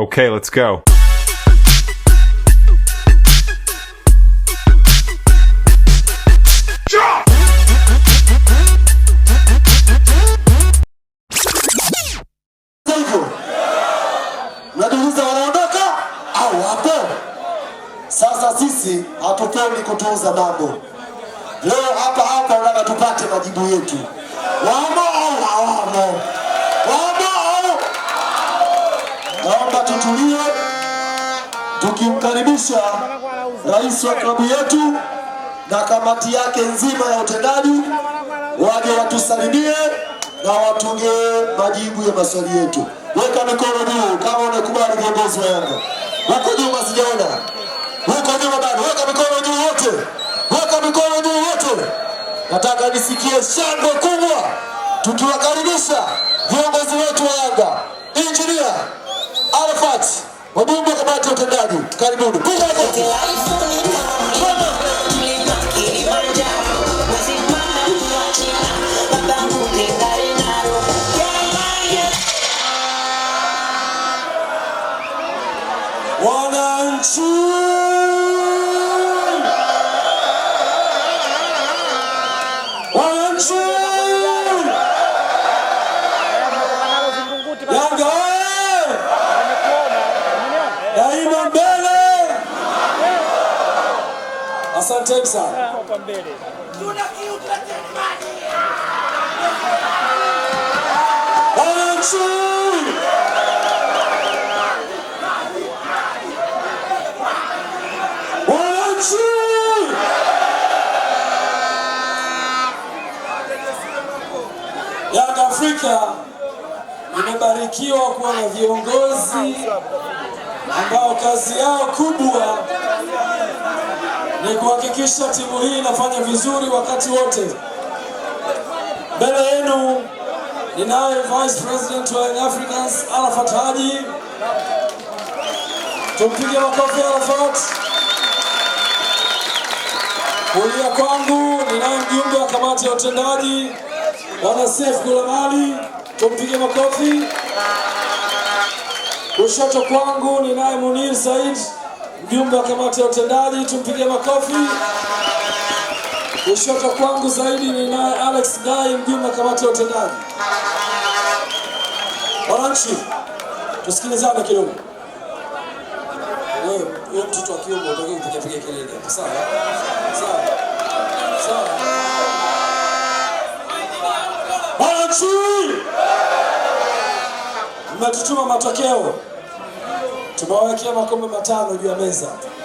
Okay, let's go. Sasa sisi hatupendi kutuuza mambo. Leo hapa hapa unataka tupate majibu yetu, wamo au hawamo? tutulie tukimkaribisha rais wa klabu yetu na kamati yake nzima ya utendaji waje watusalimie na watungee majibu ya maswali yetu. Weka mikono juu kama unakubali, viongozi wa Yanga huko nyuma, sijaona huko nyuma bado. Weka mikono juu wote, weka mikono juu wote. Nataka nisikie shangwe kubwa tukiwakaribisha viongozi wetu wa Yanga. Injinia Arafat, wabunge kamati ya utendaji, karibuni, Wananchi asante sana. Yanga Afrika imebarikiwa kuwa na viongozi ambao kazi yao kubwa ni kuhakikisha timu hii inafanya vizuri wakati wote. Mbele yenu ninaye Vice President wa Young Africans Arafat Haji, tumpige makofi Arafat. Kulia kwangu ninaye mjumbe wa kamati ya utendaji Bwana Seif Gulamali, tumpige makofi. Kushoto kwangu ninaye Munir Said mjumbe wa kamati ya utendaji, tumpigie makofi. Kushoto kwangu zaidi ni naye Alex Dai, mjumbe wa kamati ya utendaji. Wananchi, tusikilizane kidogo. Wewe mtoto wa kiume unataka kupiga kelele, sawa sawa sawa. Wananchi, mmetutuma matokeo tumewawekea makombe matano juu ya meza.